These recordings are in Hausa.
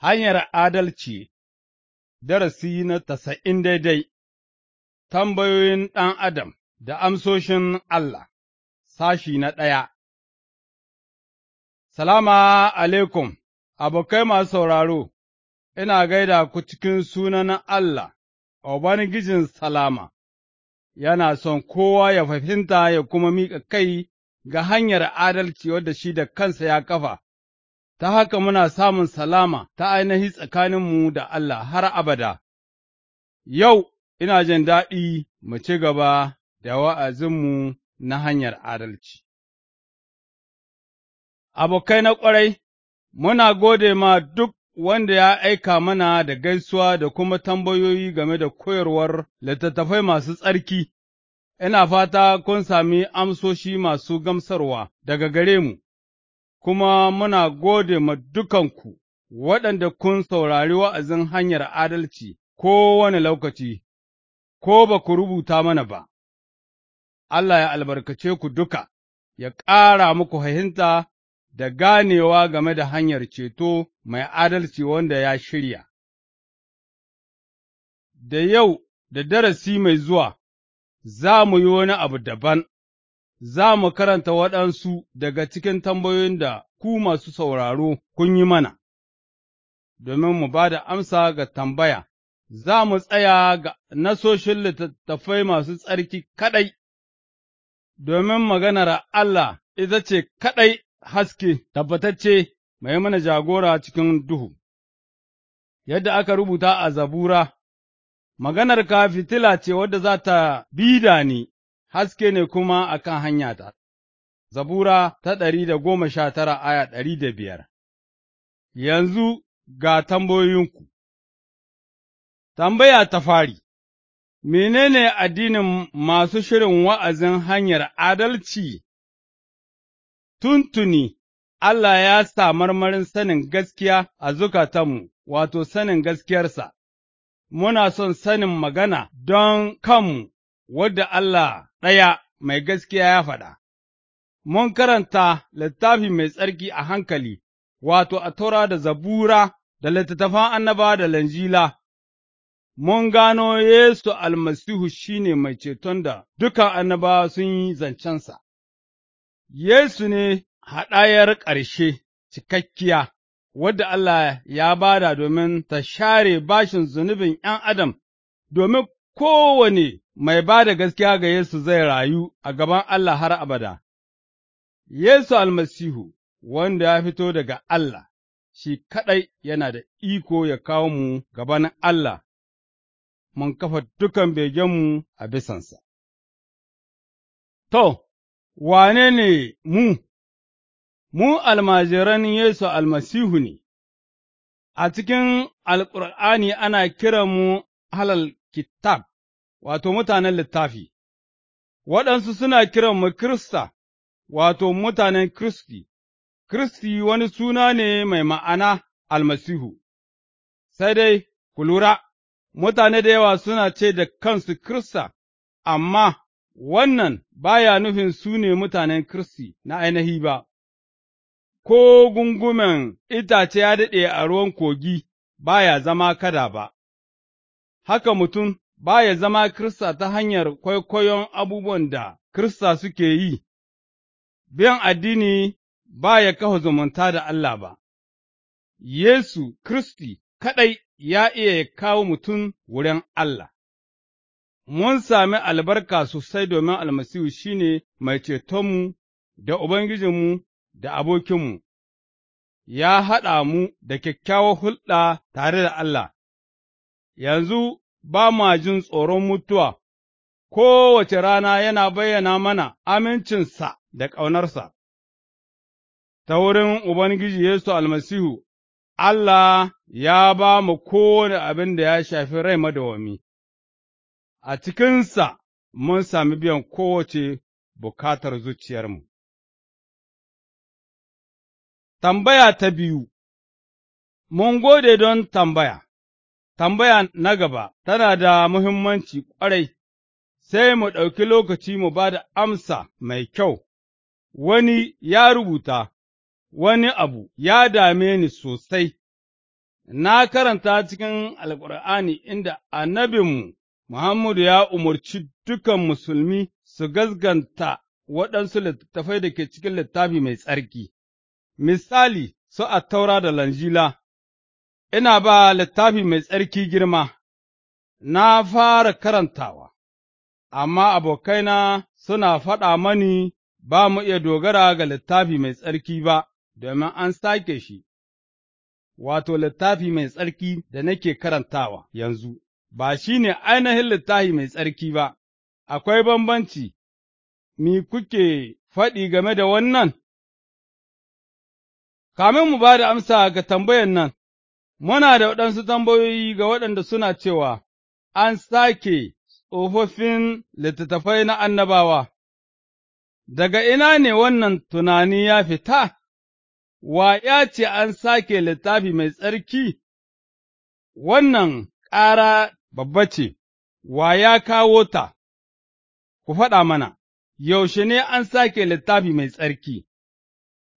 Hanyar adalci Darasi na tasa'in daidai Tambayoyin ɗan Adam da amsoshin Allah Sashi na ɗaya Salama alaikum, abokai masu sauraro, ina gaida ku cikin sunan Allah, Ubangijin Salama, yana son kowa ya fahimta ya kuma miƙa kai ga hanyar adalci wadda shi da kansa ya kafa ta haka muna samun salama ta ainihi tsakaninmu da Allah har abada. Yau ina jin daɗi mu ci gaba da wa'azinmu na hanyar adalci. Abokai na ƙwarai, muna gode ma duk wanda ya aika mana da gaisuwa da kuma tambayoyi game da koyarwar littattafai masu tsarki, ina fata kun sami amsoshi masu gamsarwa daga gare mu. kuma muna gode ma dukanku waɗanda kun saurari wa'azin hanyar adalci kowane lokaci, ko ba ku rubuta mana ba, Allah ya albarkace ku duka, ya ƙara muku fahimta da ganewa game da hanyar ceto mai adalci wanda ya shirya. Da yau da darasi mai zuwa, za mu yi wani abu daban. za mu karanta waɗansu daga cikin tambayoyin da ku masu sauraro kun yi mana, domin mu ba da amsa ga tambaya, za mu tsaya ga nasoshin littattafai masu tsarki kaɗai, domin maganar Allah ita ce kaɗai haske tabbatacce mai mana jagora cikin duhu, yadda aka rubuta a zabura, maganar ka fitila ce wadda za ta bi ni haske ne kuma a kan hanyata. Zabura ta ɗari da goma sha tara aya ɗari da biyar Yanzu ga tambayoyinku Tambaya ta fari Menene addinin masu shirin wa'azin hanyar adalci? Tuntuni Allah ya sa marmarin sanin gaskiya a zukatanmu, wato sanin gaskiyarsa, muna son sanin magana don kanmu, wadda Allah ɗaya mai gaskiya ya faɗa, Mun karanta littafi mai tsarki a hankali, wato, a taura da zabura da littattafan annaba da lanjila, mun gano Yesu almasihu shi ne mai ceton da dukan annaba sun yi zancensa, Yesu ne haɗayar ƙarshe cikakkiya, wadda Allah ya bada domin ta share bashin zunubin ’yan adam, domin kowane mai ba da gaskiya ga Yesu zai rayu a gaban Allah har abada. Yesu almasihu, wanda ya fito daga Allah, shi kaɗai yana da iko ya kawo mu gaban Allah, mun kafa dukan begenmu a bisansa. To, wane ne mu? Mu almajiran Yesu almasihu ne, a cikin Alƙur'ani ana kiran mu halal kitab. wato mutanen littafi, waɗansu suna kiranmu Kirista, wato mutanen Kristi. Kristi wani suna ne mai ma'ana almasihu, sai dai ku lura, mutane da yawa suna ce da kansu Kirista, amma wannan baya nufin su ne mutanen Kristi na ainihi ba, ko gungumen itace ya daɗe a ruwan kogi baya zama kada ba, haka mutum ba ya zama Kirista ta hanyar kwaikwayon abubuwan da Kirista suke yi, biyan addini ba ya kawo zumunta da Allah ba, Yesu Kristi kaɗai ya iya kawo mutum wurin Allah. Mun sami albarka sosai domin almasihu shi ne mai cetonmu da Ubangijinmu da abokinmu, ya haɗa mu da kyakkyawar hulɗa tare da Allah, yanzu ba ma jin tsoron mutuwa, kowace rana yana bayyana mana amincinsa da ƙaunarsa. Ta wurin Ubangiji Yesu almasihu, Allah ya ba mu kowane abin da ya shafi rai madawami, a cikinsa mun sami biyan kowace bukatar zuciyarmu. Tambaya ta biyu Mun gode don tambaya Tambaya na gaba tana da muhimmanci ƙwarai, sai mu ɗauki lokaci mu ba da amsa mai kyau, wani ya rubuta, wani abu ya dame ni sosai, na karanta cikin Alƙur'ani inda annabinmu Muhammadu ya umarci dukan musulmi su gazganta waɗansu littattafai da ke cikin littafi mai tsarki, misali su so attaura da Lanjila. ina ba littafi mai tsarki girma, na fara karantawa, amma abokaina suna faɗa mani ba mu iya dogara ga littafi mai tsarki ba, domin an sake shi, wato littafi mai tsarki da nake karantawa yanzu, ba shi ne ainihin littafi mai tsarki ba, akwai bambanci, mi kuke faɗi game da wannan? Kamin mu ba da amsa ga tambayan nan, Muna da waɗansu tambayoyi ga waɗanda suna cewa, An sake tsofaffin littattafai na annabawa, daga ina ne wannan tunani ya fita, wa ya ce an sake littafi mai tsarki, wannan ƙara babba ce, wa ya kawo ta, ku faɗa mana, yaushe ne an sake littafi mai tsarki,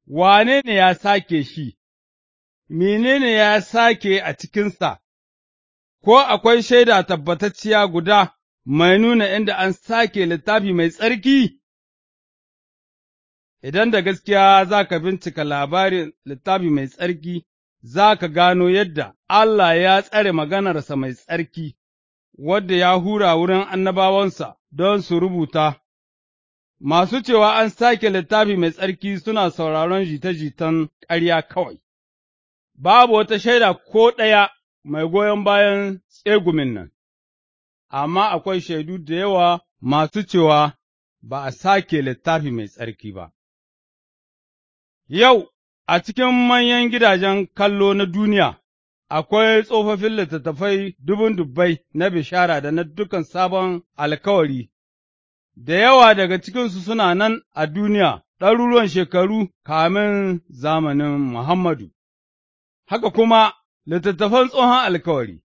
wane ne ya sake shi? menene ya sake a cikinsa, ko akwai shaida tabbatacciya guda mai nuna inda an sake littafi mai tsarki? Idan da gaskiya za ka bincika labarin littafi mai tsarki, za ka gano yadda Allah ya tsare maganarsa mai tsarki, wadda ya hura wurin annabawansa don su rubuta. Masu cewa an sake littafi mai tsarki suna sauraron jita-jitan ƙarya kawai. babu wata shaida ko ɗaya mai goyon bayan tsegumin nan, amma akwai shaidu da yawa masu cewa ba a sake littafi mai tsarki ba. Yau, a cikin manyan gidajen kallo na duniya, akwai tsofaffin littattafai dubun dubbai na bishara da na dukan sabon alkawari, da yawa daga cikinsu suna nan a duniya ɗaruruwan shekaru kamin zamanin Muhammadu. haka kuma littattafan tsohon alkawari,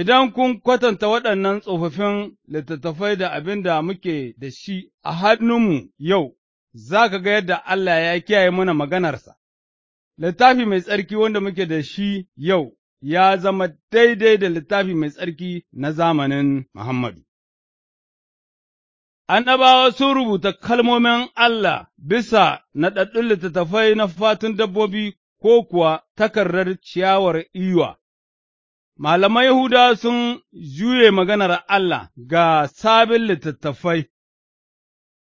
idan kun kwatanta waɗannan tsofaffin littattafai da abin da muke da shi a hannunmu yau, za ka ga yadda Allah ya kiyaye mana maganarsa. Littafi mai tsarki wanda muke da shi yau ya zama daidai da littafi mai tsarki na zamanin Muhammadu. Annabawa wasu rubuta kalmomin Allah bisa naɗaɗɗun littattafai na fatun dabbobi ko kuwa takardar ciyawar iwa. Malamai Yahuda sun juye maganar Allah ga sabin littattafai,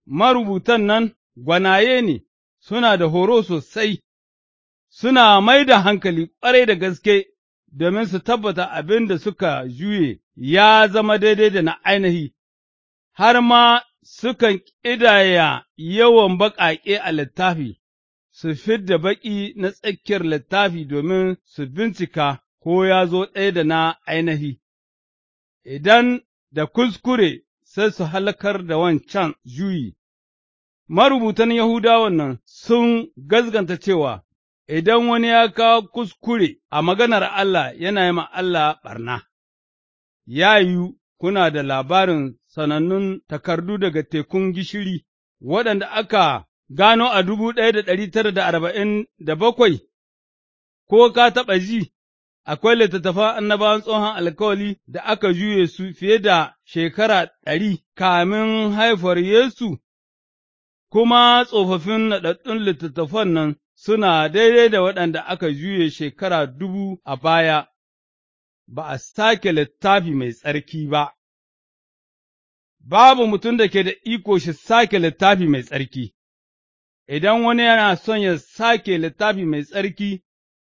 marubutan nan gwanaye ne, suna da horo sosai, suna mai da hankali ƙwarai da gaske domin su tabbata abin da suka juye ya zama daidai da na ainihi, har ma sukan ƙidaya yawan baƙaƙe a littafi su fid da baƙi na tsakiyar littafi domin su bincika ko ya zo ɗaya da na ainihi, idan da kuskure sai su halakar da wancan juyi. Marubutan Yahudawan nan sun gazganta cewa idan wani ya kawo kuskure a maganar Allah yana yi Allah ɓarna, ya yiwu kuna da labarin sanannun takardu daga tekun gishiri waɗanda aka gano a dubu ɗaya da ɗari tara da arba'in da bakwai, ko ka taɓa ji, akwai littattafan annabawan tsohon alkawali da aka juye su fiye da shekara ɗari kamin haifar Yesu, kuma tsofaffin naɗaɗɗun littattafan nan suna daidai da waɗanda aka juye shekara dubu a baya, ba a sake littafi mai tsarki ba. Babu mutum da ke da iko shi sake littafi mai tsarki. idan wani yana son ya sake littafi mai tsarki,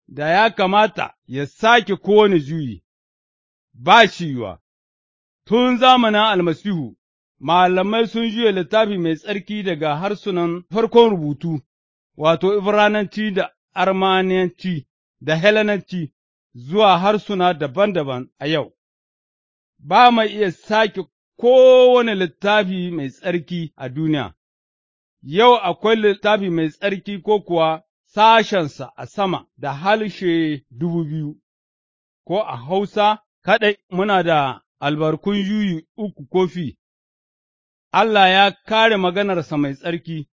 da ya kamata ya sake kowane juyi, ba shi yiwa. Tun zamanin almasihu, malamai sun juya littafi mai tsarki daga harsunan farkon rubutu, wato Ibrananci da Armaniyanci da Helenanci zuwa harsuna daban-daban a yau. Ba mai iya sake kowane littafi mai tsarki a duniya, yau akwai littafi mai tsarki ko kuwa sashensa a sama da halshe dubu biyu, ko a Hausa kaɗai muna da albarkun yuyu uku kofi, Allah ya kare maganarsa mai tsarki,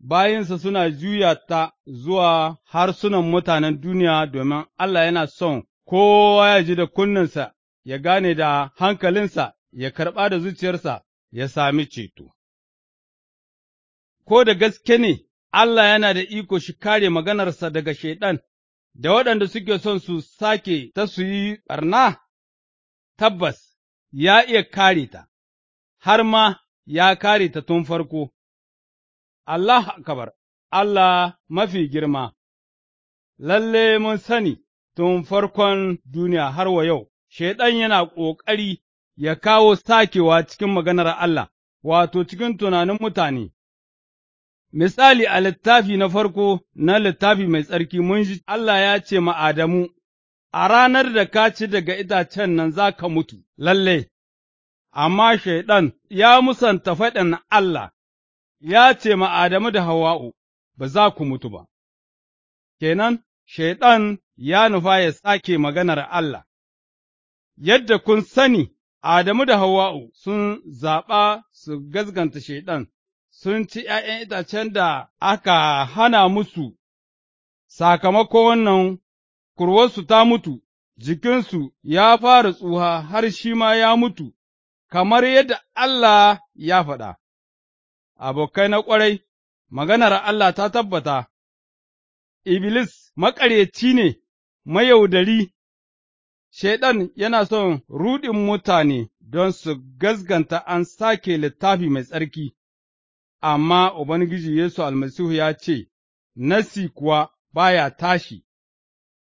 bayansa suna juya ta zuwa harsunan mutanen duniya domin Allah yana son kowa ya ji da kunnensa, ya gane da hankalinsa, ya karɓa da zuciyarsa, ya sami ceto. ko da gaske ne Allah yana da iko shi kare maganarsa daga Shaiɗan, da waɗanda suke son su sake ta su yi ɓarna, tabbas ya iya kare ta, har ma ya kare ta tun farko. Allah akabar, Allah mafi girma, lalle mun sani tun farkon duniya har wa yau, Shaiɗan yana ƙoƙari ya kawo sakewa cikin maganar Allah, wato cikin tunanin mutane. Misali a littafi na farko na littafi mai tsarki mun ji Allah ya ce ma Adamu, A ranar da ka ci daga itacen nan za ka mutu, lalle, amma Shaiɗan ya musanta faɗin Allah, ya ce ma Adamu da Hawa'u, Ba za ku mutu ba, kenan Shaiɗan ya nufa ya sake maganar Allah, yadda kun sani, Adamu da Hawa'u sun zaɓa su gazganta Shaiɗan sun ci ’ya'yan itacen da aka hana musu, sakamako wannan kurwarsu ta mutu, jikinsu ya fara tsuha har shi ma ya mutu, kamar yadda Allah ya faɗa. Abokai na ƙwarai, maganar Allah ta tabbata, Iblis maƙaryaci ne, mayaudari, Shaiɗan yana son ruɗin mutane don su gazganta an sake littafi mai tsarki. amma Ubangiji Yesu almasihu ya ce, Nassi kuwa baya tashi,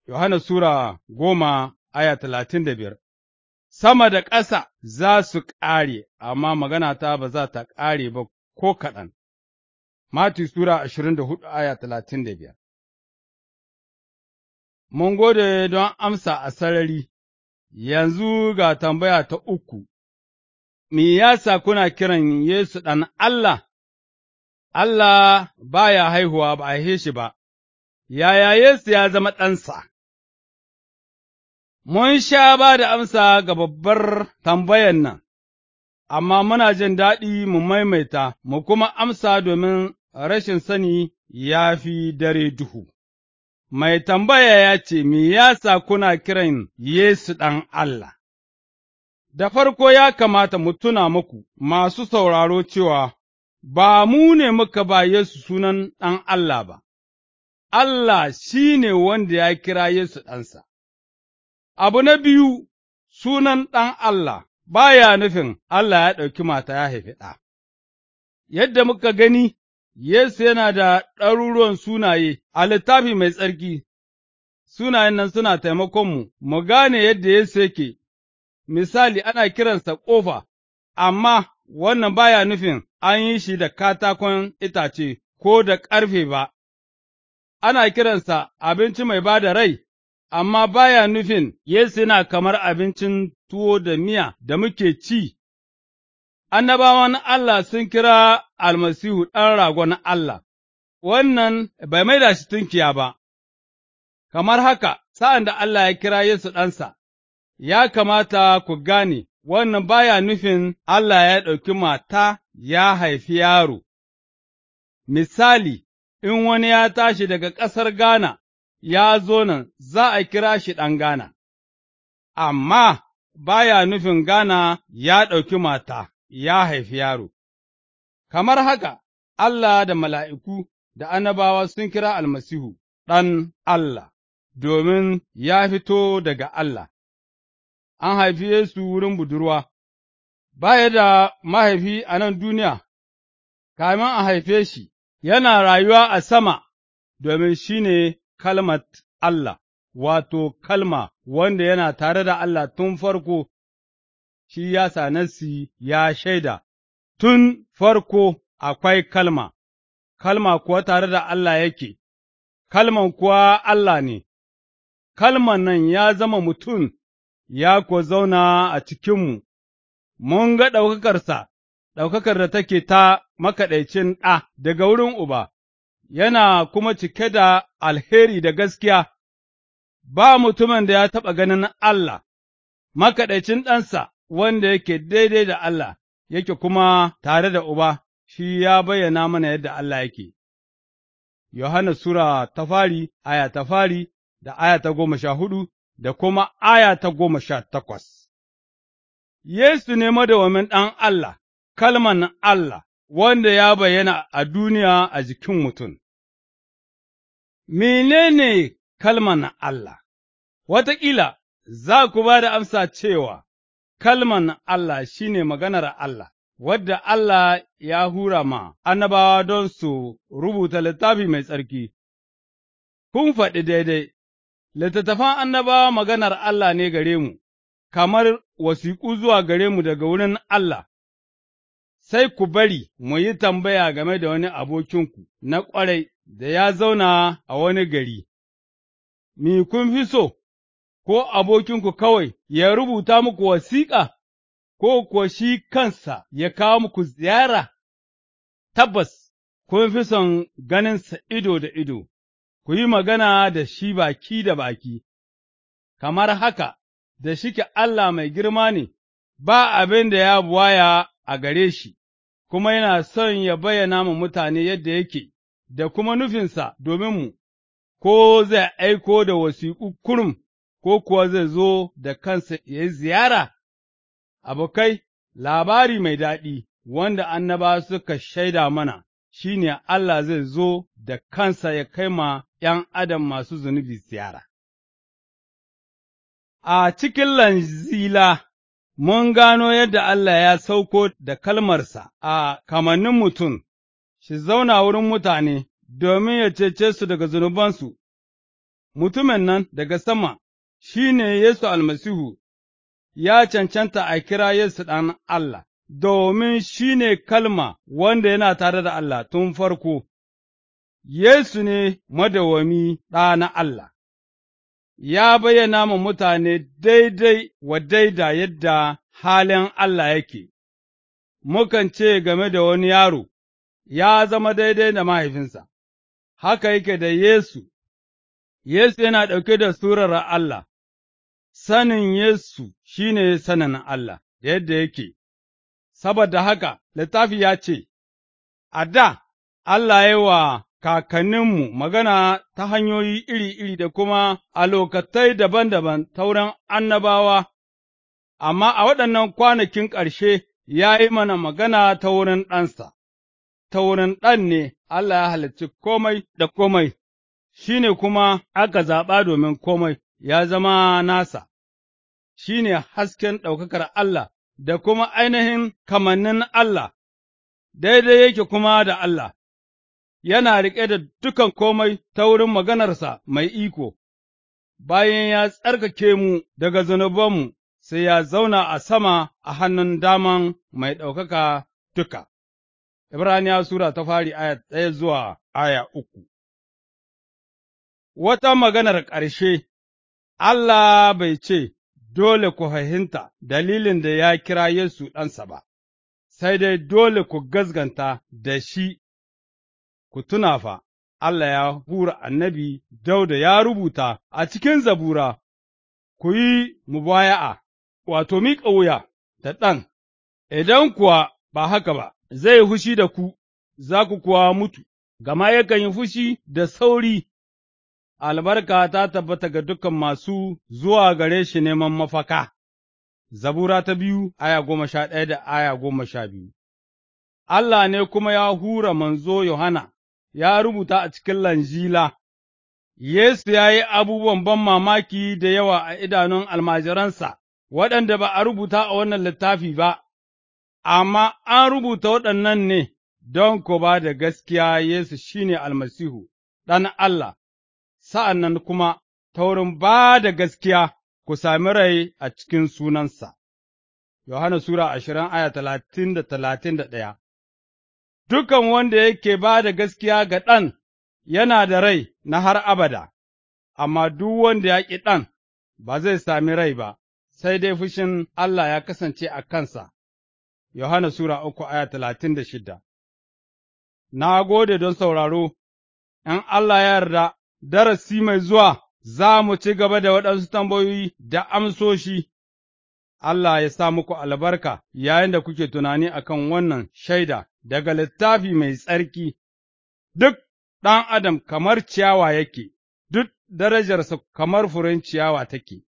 Yohana Sura goma aya talatin da biyar, sama da ƙasa za su ƙare, amma maganata ba za ta ƙare ba ko kaɗan. Mati Sura ashirin da hudu aya talatin da biyar. Mun gode don amsa a sarari, yanzu ga tambaya ta uku, me yasa kuna kiran Yesu ɗan Allah? Allah ba ya haihuwa ba a shi ba, yaya Yesu ya zama ɗansa? Mun sha ba da amsa ga babbar tambayan nan, amma muna jin daɗi mu maimaita mu kuma amsa domin rashin sani ya fi dare duhu. Mai tambaya ya ce, Me yasa kuna kiran Yesu ɗan Allah? Da farko ya kamata mu tuna muku masu sauraro cewa ba mu ne muka ba Yesu sunan ɗan Allah ba, Allah shi ne wanda ya kira Yesu ɗansa. Abu na biyu, sunan ɗan Allah ba ya nufin Allah ya ɗauki mata ya haifi ɗa. Yadda muka gani, Yesu yana da ɗaruruwan sunaye a littafi mai tsarki, sunayen nan suna taimakonmu mu gane yadda Yesu yake, misali ana kiransa ƙofa, amma wannan baya nufin an yi shi da katakon itace ko da ƙarfe ba, ana kiransa abinci mai ba da rai, amma baya nufin Yesu yana kamar abincin tuwo da miya da muke ci. Annabawan Allah sun kira almasihu ɗan ragon Allah, wannan bai maida shi tunkiya ba, kamar haka sa'an da Allah ya kira Yesu ɗansa, ya kamata ku gane wannan baya nufin Allah ya ɗauki mata ya haifi yaro. Misali, in wani ya tashi daga ƙasar Ghana ya zo nan, za a kira shi ɗan Ghana, amma baya nufin Ghana ya ɗauki mata ya haifi yaro. Kamar haka, Allah da mala'iku da annabawa sun kira almasihu ɗan Allah, domin ya fito daga Allah. an haifi Yesu wurin budurwa, ba da mahaifi a nan duniya, kamin a haife shi, yana rayuwa a sama domin shi ne kalmat Allah, wato, kalma wanda yana tare da Allah tun farko, shi ya sanasi ya shaida, tun farko akwai kalma, kalma kuwa tare da Allah yake, kalman kuwa Allah ne, kalman nan ya zama mutum ya kuwa zauna a cikinmu, mun ga ɗaukakarsa, ɗaukakar da take ta makaɗaicin ɗa daga wurin Uba, yana kuma cike da alheri da gaskiya, ba mutumin da ya taɓa ganin Allah, makaɗaicin ɗansa wanda yake daidai da Allah, yake kuma tare da Uba, shi ya bayyana mana yadda Allah yake. Yohana Sura ta fari, aya ta fari da aya ta goma sha hudu da kuma aya ta goma sha takwas. Yesu ne madawamin ɗan Allah, kalman Allah, wanda ya bayyana a duniya a jikin mutum. Menene kalman Allah? Wataƙila za ku ba da amsa cewa kalman Allah shi ne maganar Allah, wadda Allah ya hura ma annabawa don su rubuta littafi mai tsarki. Kun faɗi daidai, Littattafan annabawa maganar Allah ne gare mu, kamar wasiƙu zuwa gare mu daga wurin Allah, sai ku bari mu yi tambaya game da wani abokinku na ƙwarai da ya zauna a wani gari, mi kun fi so, ko abokinku kawai ya rubuta muku wasiƙa, ko kuwa shi kansa ya kawo muku ziyara, tabbas kun fi son ganinsa ido da ido. ku yi magana da shi baki da baki, kamar haka, da shike Allah mai girma ne, ba abin da ya buwaya a gare shi, kuma yana son ya bayyana mu mutane yadda yake, da kuma nufinsa domin mu, ko zai aiko da wasiƙu kurum, ko kuwa zai zo da kansa ya yi ziyara, abokai, labari mai daɗi wanda annaba suka shaida mana. shi ne Allah zai zo da kansa ya kai ma ’yan adam masu zunubi ziyara. A cikin lanzila, mun gano yadda Allah ya sauko da kalmarsa a kamannin mutum, shi zauna wurin mutane domin ya cece su daga zunubansu, mutumin nan daga sama shi ne Yesu almasihu, ya cancanta a kira Yesu ɗan Allah. domin shi ne kalma wanda yana tare da Allah tun farko, Yesu ne madawami ɗa na Allah, ya bayyana ma mutane daidai wa daida yadda halin Allah yake, mukan ce game da wani yaro, ya zama daidai da mahaifinsa, haka yake da Yesu, Yesu yana ɗauke da surar Allah, sanin Yesu shi ne sanin Allah, yadda yake. saboda haka littafi ya ce, A da, Allah ya wa kakanninmu magana ta hanyoyi iri-iri da kuma a lokatai daban-daban ta annabawa, amma a waɗannan kwanakin ƙarshe ya yi mana magana ta wurin ɗansa, ta wurin ɗan ne Allah ya halarci komai da komai, shi ne kuma aka zaɓa domin komai ya zama nasa, shi ne hasken ɗaukakar Allah da kuma ainihin kamannin Allah, daidai yake kuma da Allah, yana riƙe da dukan komai ta wurin maganarsa mai iko, bayan ya tsarkake mu daga zunubanmu sai ya zauna a sama a hannun daman mai ɗaukaka duka. Ibraniya Sura ta fari aya ɗaya zuwa aya uku Wata maganar ƙarshe, Allah bai ce, dole ku fahimta dalilin da ya kira Yesu ɗansa ba, sai dai dole ku gazganta da shi, ku tuna fa, Allah ya hura annabi Dauda ya rubuta a cikin zabura, ku yi mubaya'a, wato miƙa wuya da ɗan, idan kuwa ba haka ba, zai fushi da ku, za ku kuwa mutu, gama yakan yi fushi da sauri albarka ta tabbata ga dukan masu zuwa gare shi neman mafaka. Zabura ta biyu, aya goma sha ɗaya da aya goma sha biyu. Allah ne kuma ya hura manzo Yohana, ya rubuta a cikin Lanjila, Yesu ya yi abubuwan ban mamaki da yawa a idanun almajiransa, waɗanda ba a rubuta a wannan littafi ba, amma an rubuta waɗannan ne don ko ba da gaskiya Yesu shi ne almasihu, ɗan Allah, sa'an nan kuma ta wurin ba da gaskiya ku sami rai a cikin sunansa. Yohana Sura ashirin aya talatin da talatin da ɗaya Dukan wanda yake ba da gaskiya ga ɗan yana da rai na har abada, amma duk wanda ya ƙi ɗan ba zai sami rai ba, sai dai fushin Allah ya kasance a kansa. Yohana Sura uku aya talatin da shida Na gode don sauraro, in Allah ya yarda darasi mai zuwa za mu ci gaba da waɗansu tambayoyi da amsoshi. Allah ya sa muku albarka yayin da kuke tunani a kan wannan shaida daga littafi mai tsarki, duk ɗan adam kamar ciyawa yake, duk darajarsa kamar furen ciyawa take,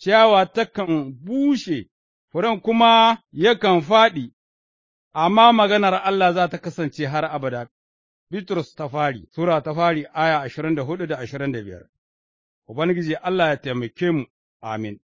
ciyawa takan bushe, furen kuma yakan faɗi, amma maganar Allah za ta kasance har abada, Bitrus ta fari, Sura ta fari aya ashirin da hudu da ashirin da biyar. Ubangiji Allah ya taimake mu, amin.